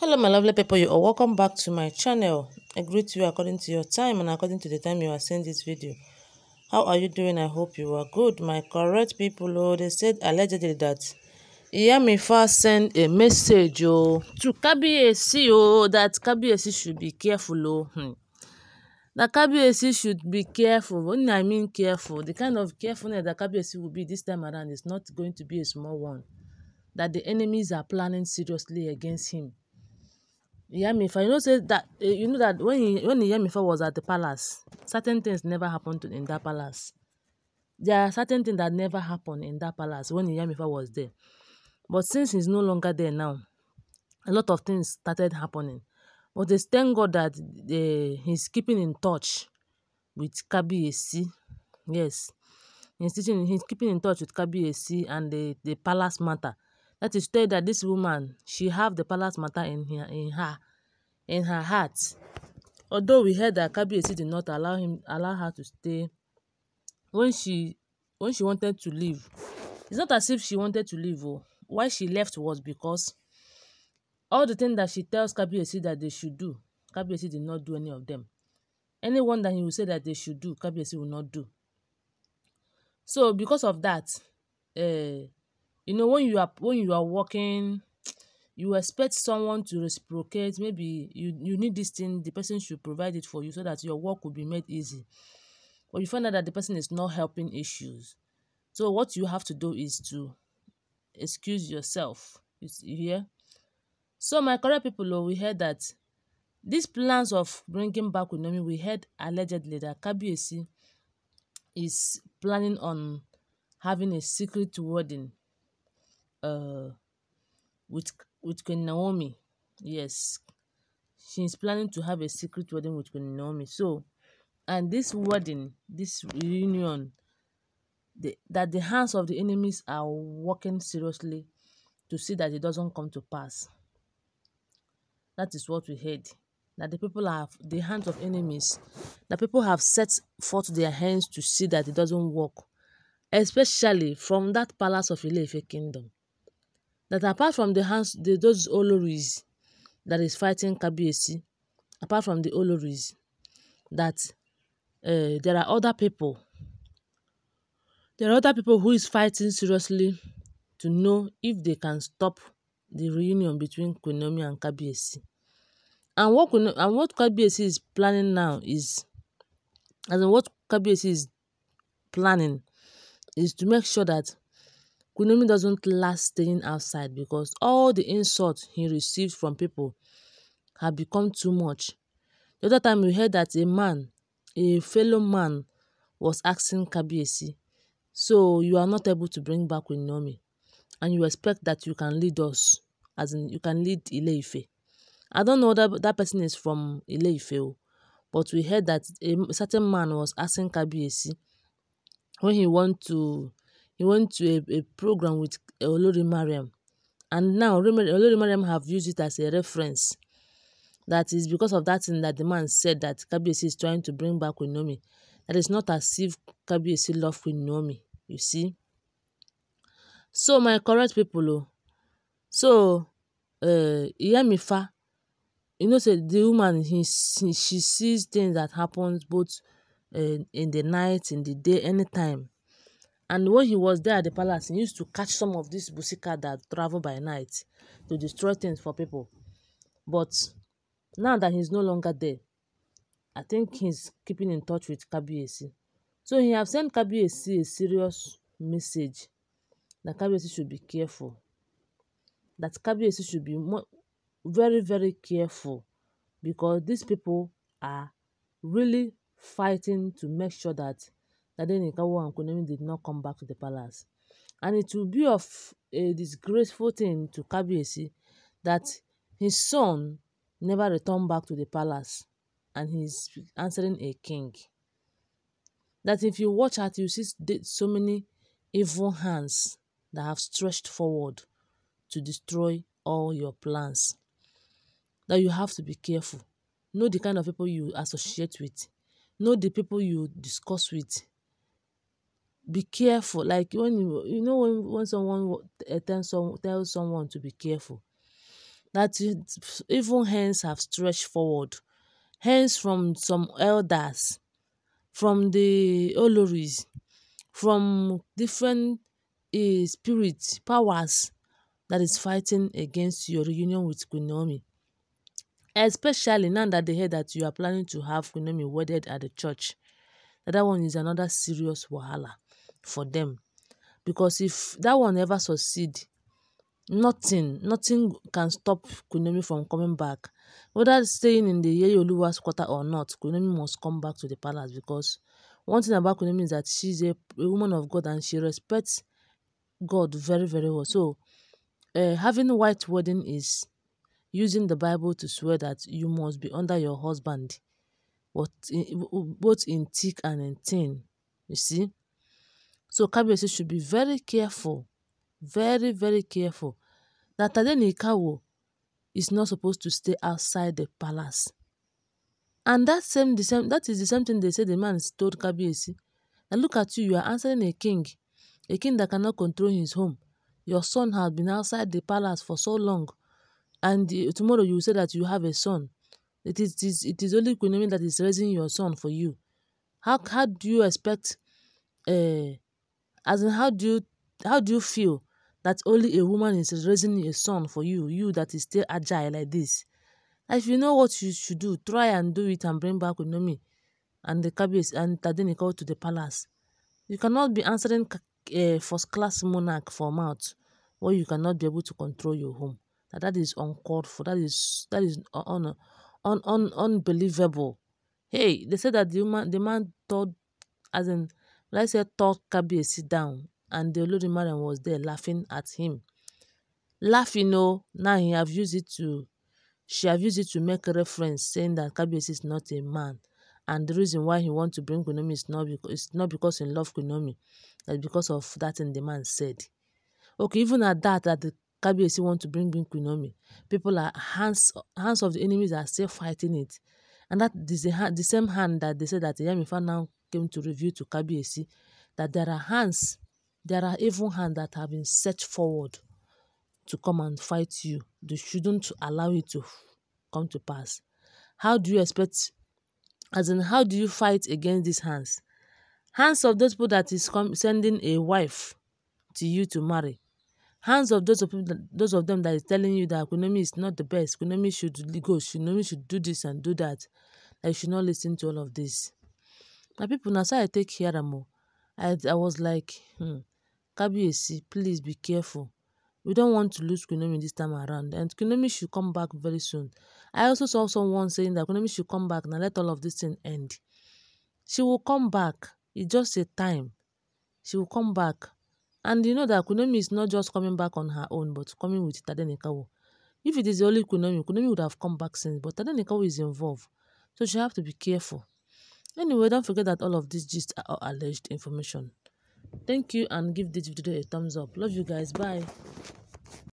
hello my lovely people you are welcome back to my channel i greet you according to your time and according to the time you are seeing this video how are you doing i hope you are good my correct people oh they said allegedly that Iyamifa sent a message oh, to Kabiyesi oh, that Kabiyesi should be careful oh. hmm. that Kabiyesi should be careful when i mean careful the kind of carefulness that Kabiyesi will be this time around is not going to be a small one that the enemies are planning seriously against him Iyamifa, you know say that, eh, you know that when, he, when Iyamifa was at the palace, certain things never happened to, in that palace. There are certain things that never happened in that palace when Iyamifa was there. But since he's no longer there now, a lot of things started happening. But it's thank God that uh, he's keeping in touch with Kabiyesi. Yes, he's teaching, he's keeping in touch with Kabiyesi and the, the palace matter. That is to tell that this woman, she have the palace matter in her, in her, in her heart. Although we heard that Kabiyesi did not allow him, allow her to stay when she, when she wanted to leave. It's not as if she wanted to leave. Oh. Why she left was because all the things that she tells Kabiyesi that they should do, Kabiyesi did not do any of them. Anyone that he will say that they should do, Kabiyesi will not do. So because of that, uh, you know when you are when you are working you expect someone to reciprocate maybe you you need this thing the person should provide it for you so that your work will be made easy but you find out that the person is not helping issues so what you have to do is to excuse yourself you, see, hear so my current people oh, we heard that these plans of bringing back Unomi, we heard allegedly that KBC is planning on having a secret wedding uh with with Queen Naomi. Yes. She's planning to have a secret wedding with Queen Naomi. So and this wedding, this reunion, the, that the hands of the enemies are working seriously to see that it doesn't come to pass. That is what we heard. That the people have the hands of enemies, that people have set forth their hands to see that it doesn't work, especially from that palace of Ilefe kingdom that apart from the hands, the, those Oloris that is fighting KBAC, apart from the Oloris, that uh, there are other people. There are other people who is fighting seriously to know if they can stop the reunion between Konomi and KBAC. And what and what KBAC is planning now is, in what KBAC is planning is to make sure that Kunomi doesn't last staying outside because all the insults he received from people have become too much. The other time we heard that a man, a fellow man, was asking Kabiesi, so you are not able to bring back Kunomi and you expect that you can lead us, as in you can lead Ileife. I don't know that that person is from Ileife, but we heard that a certain man was asking Kabiesi when he went to He went to a, a program with eh, Olori Mariam. And now Olori Mariam have used it as a reference. That is because of that thing that the man said that KBC is trying to bring back Winomi. That is not as if KBC love Queen Naomi, you see. So my correct people o. Oh. So uh, eh, Iyamifa, you know say the woman he, she sees things that happens both uh, in the night, in the day, anytime. And when he was there at the palace, he used to catch some of these busika that travel by night to destroy things for people. But now that he's no longer there, I think he's keeping in touch with Kabiesi. So he have sent Kabiesi a serious message that Kabiesi should be careful. That Kabiesi should be very, very careful because these people are really fighting to make sure that Ladenikawo and Kunemi did not come back to the palace. And it will be of a disgraceful thing to Kabiyesi that his son never returned back to the palace and he's answering a king. That if you watch at you see so many evil hands that have stretched forward to destroy all your plans. That you have to be careful. Know the kind of people you associate with. Know the people you discuss with be careful like when you, you know when, when someone uh, eh, tells, some, tells someone to be careful that even hands have stretched forward hands from some elders from the oloris from different uh, powers that is fighting against your reunion with Kunomi. Especially now that they hear that you are planning to have Kunomi wedded at the church. That, that one is another serious wahala for them because if that one never succeed nothing nothing can stop Kunemi from coming back whether staying in the Yeyoluwa's quarter or not Kunemi must come back to the palace because one thing about Kunemi is that she's a, a woman of God and she respects God very very well so uh, having white wedding is using the Bible to swear that you must be under your husband, what in, both in thick and in thin. You see, so Kabiyesi should be very careful, very, very careful. That Tadeni Ikawo is not supposed to stay outside the palace. And that same, the same, that is the same thing they say the man told Kabiyesi. Now look at you, you are answering a king, a king that cannot control his home. Your son has been outside the palace for so long, and tomorrow you say that you have a son. It is, it is, it is only Queen that is raising your son for you. How, how do you expect uh, as in, how do you how do you feel that only a woman is raising a son for you, you that is still agile like this? If you know what you should do, try and do it and bring back Unomi and the Kabis and go to the palace. You cannot be answering a uh, first-class monarch for mouth where you cannot be able to control your home. That, that is uncalled for. That is that is un, un, un, unbelievable. Hey, they said that the man the man told as in Lycett tore Kabiyesi down and the Olodumare was there laughing at him. Laughing oh, now he have used it to, she have used it to make reference saying that Kabiyesi is not a man and the reason why he want to bring Kunomi is not because, it's not because he love Kunomi, that's because of that thing the man said. Okay, even at that, that the Kabiyesi want to bring bring Kunomi, people are hands hands of the enemies are still fighting it, and that is the, the same hand that they said that Yemifa now came to reveal to Kabiesi that there are hands, there are evil hands that have been set forward to come and fight you. They shouldn't allow it to come to pass. How do you expect, as in, how do you fight against these hands? Hands of those people that is come, sending a wife to you to marry. Hands of those of, those of them that is telling you that Kunomi is not the best, Kunomi should go, Kunomi should do this and do that. I should not listen to all of this. my people na so i take hear am o oh. i i was like um hmm, kabiyesi please be careful we don't want to lose Kunomi this time around and Kunomi should come back very soon i also saw someone saying that Kunomi should come back now let all of this thing end she will come back it's just a time she will come back and you know that Kunomi is not just coming back on her own but coming with Tadenikawo if it is only Kunomi Kunomi would have come back since but Tadenikawo is involved so she have to be careful Anyway, don't forget that all of these gists are alleged information. Thank you and give this video a thumbs up. Love you guys. Bye.